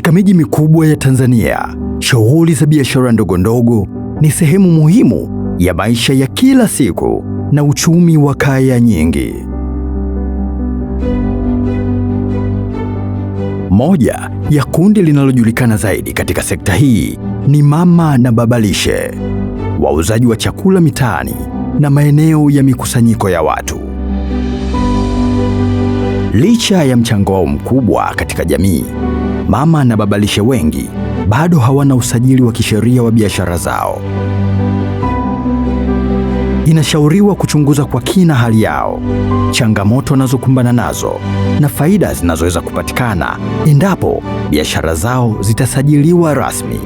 Katika miji mikubwa ya Tanzania, shughuli za biashara ndogondogo ni sehemu muhimu ya maisha ya kila siku na uchumi wa kaya nyingi. Moja ya kundi linalojulikana zaidi katika sekta hii ni mama na baba lishe, wauzaji wa chakula mitaani na maeneo ya mikusanyiko ya watu. Licha ya mchango wao mkubwa katika jamii mama na babalishe wengi bado hawana usajili wa kisheria wa biashara zao. Inashauriwa kuchunguza kwa kina hali yao, changamoto wanazokumbana nazo na faida zinazoweza kupatikana endapo biashara zao zitasajiliwa rasmi.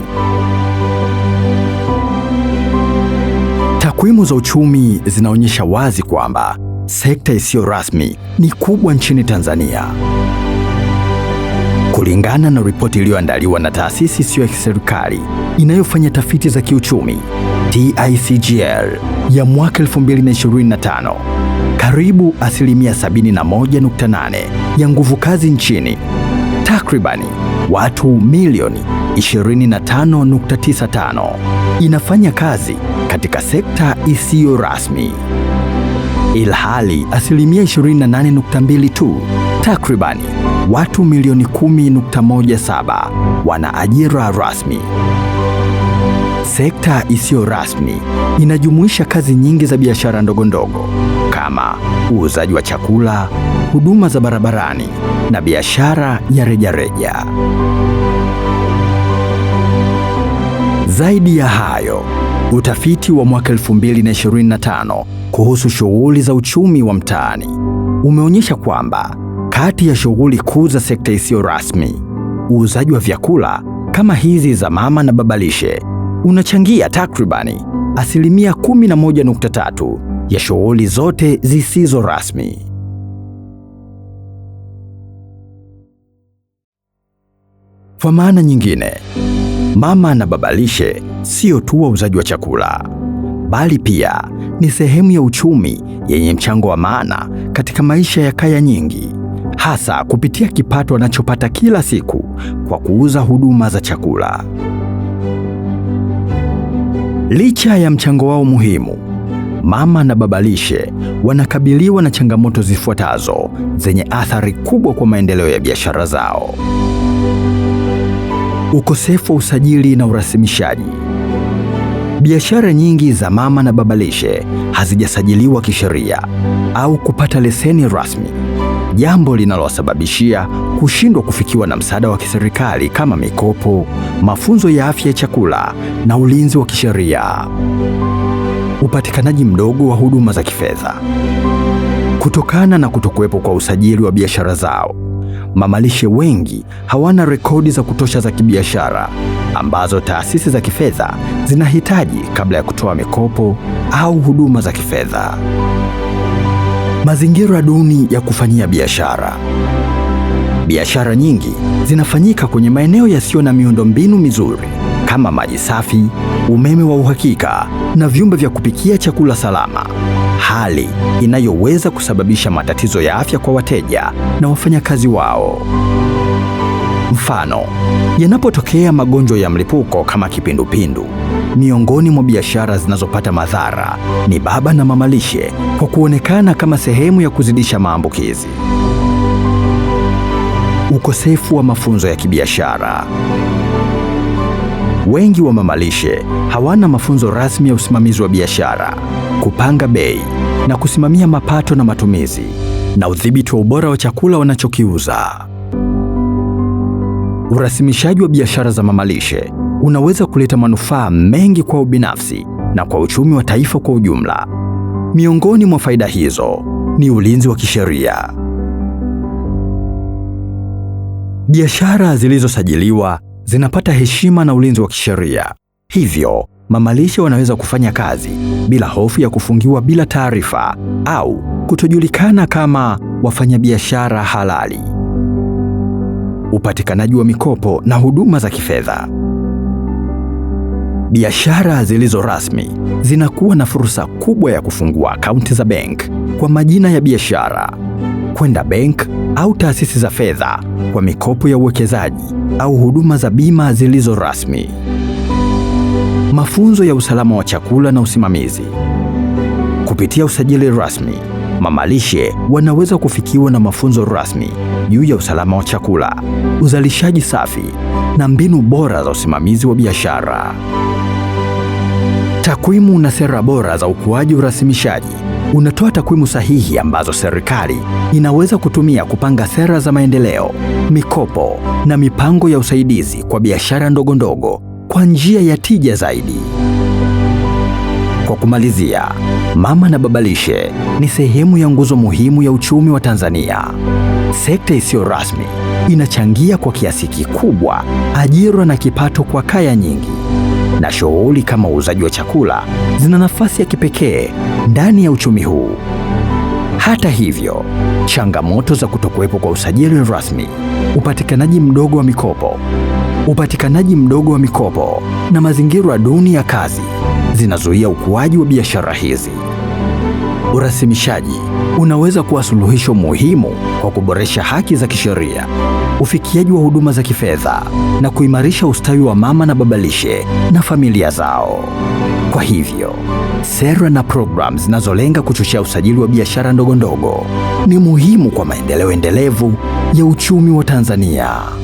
Takwimu za uchumi zinaonyesha wazi kwamba sekta isiyo rasmi ni kubwa nchini Tanzania. Kulingana na ripoti iliyoandaliwa na taasisi isiyo ya kiserikali inayofanya tafiti za kiuchumi TICGL ya mwaka 2025, karibu asilimia 71.8 ya nguvu kazi nchini, takribani watu milioni 25.95 inafanya kazi katika sekta isiyo rasmi, ilhali asilimia 28.2 tu takribani watu milioni 10.17 wana ajira rasmi. Sekta isiyo rasmi inajumuisha kazi nyingi za biashara ndogondogo kama uuzaji wa chakula, huduma za barabarani na biashara ya rejareja. Zaidi ya hayo, utafiti wa mwaka 2025 kuhusu shughuli za uchumi wa mtaani umeonyesha kwamba kati ya shughuli kuu za sekta isiyo rasmi, uuzaji wa vyakula kama hizi za mama na baba lishe unachangia takribani asilimia 11.3 ya shughuli zote zisizo rasmi. Kwa maana nyingine, mama na baba lishe sio tu wauzaji wa chakula, bali pia ni sehemu ya uchumi yenye mchango wa maana katika maisha ya kaya nyingi hasa kupitia kipato anachopata kila siku kwa kuuza huduma za chakula. Licha ya mchango wao muhimu, mama na baba lishe wanakabiliwa na changamoto zifuatazo zenye athari kubwa kwa maendeleo ya biashara zao: ukosefu wa usajili na urasimishaji. Biashara nyingi za mama na baba lishe hazijasajiliwa kisheria au kupata leseni rasmi jambo linalowasababishia kushindwa kufikiwa na msaada wa kiserikali kama mikopo, mafunzo ya afya ya chakula na ulinzi wa kisheria. Upatikanaji mdogo wa huduma za kifedha kutokana na kutokuwepo kwa usajili wa biashara zao. Mamalishe wengi hawana rekodi za kutosha za kibiashara ambazo taasisi za kifedha zinahitaji kabla ya kutoa mikopo au huduma za kifedha. Mazingira duni ya kufanyia biashara. Biashara nyingi zinafanyika kwenye maeneo yasiyo na miundombinu mizuri kama maji safi, umeme wa uhakika na vyumba vya kupikia chakula salama, hali inayoweza kusababisha matatizo ya afya kwa wateja na wafanyakazi wao. Mfano, yanapotokea magonjwa ya mlipuko kama kipindupindu, Miongoni mwa biashara zinazopata madhara ni baba na mama lishe kwa kuonekana kama sehemu ya kuzidisha maambukizi. Ukosefu wa mafunzo ya kibiashara. Wengi wa mamalishe hawana mafunzo rasmi ya usimamizi wa biashara, kupanga bei na kusimamia mapato na matumizi, na udhibiti wa ubora wa chakula wanachokiuza urasimishaji wa biashara za mamalishe unaweza kuleta manufaa mengi kwa ubinafsi na kwa uchumi wa taifa kwa ujumla. Miongoni mwa faida hizo ni ulinzi wa kisheria. Biashara zilizosajiliwa zinapata heshima na ulinzi wa kisheria, hivyo mamalishe wanaweza kufanya kazi bila hofu ya kufungiwa bila taarifa au kutojulikana kama wafanyabiashara halali upatikanaji wa mikopo na huduma za kifedha. Biashara zilizo rasmi zinakuwa na fursa kubwa ya kufungua akaunti za bank kwa majina ya biashara, kwenda bank au taasisi za fedha kwa mikopo ya uwekezaji au huduma za bima zilizo rasmi. Mafunzo ya usalama wa chakula na usimamizi kupitia usajili rasmi mama lishe wanaweza kufikiwa na mafunzo rasmi juu ya usalama wa chakula, uzalishaji safi na mbinu bora za usimamizi wa biashara. Takwimu na sera bora za ukuaji urasimishaji unatoa takwimu sahihi ambazo serikali inaweza kutumia kupanga sera za maendeleo, mikopo na mipango ya usaidizi kwa biashara ndogo ndogo kwa njia ya tija zaidi. Kwa kumalizia, mama na babalishe ni sehemu ya nguzo muhimu ya uchumi wa Tanzania. Sekta isiyo rasmi inachangia kwa kiasi kikubwa ajira na kipato kwa kaya nyingi, na shughuli kama uuzaji wa chakula zina nafasi ya kipekee ndani ya uchumi huu. Hata hivyo, changamoto za kutokuwepo kwa usajili rasmi, upatikanaji mdogo wa mikopo, upatikanaji mdogo wa mikopo na mazingira duni ya kazi zinazuia ukuaji wa biashara hizi. Urasimishaji unaweza kuwa suluhisho muhimu kwa kuboresha haki za kisheria, ufikiaji wa huduma za kifedha na kuimarisha ustawi wa mama na babalishe na familia zao. Kwa hivyo, sera na programu zinazolenga kuchochea usajili wa biashara ndogo ndogo ni muhimu kwa maendeleo endelevu ya uchumi wa Tanzania.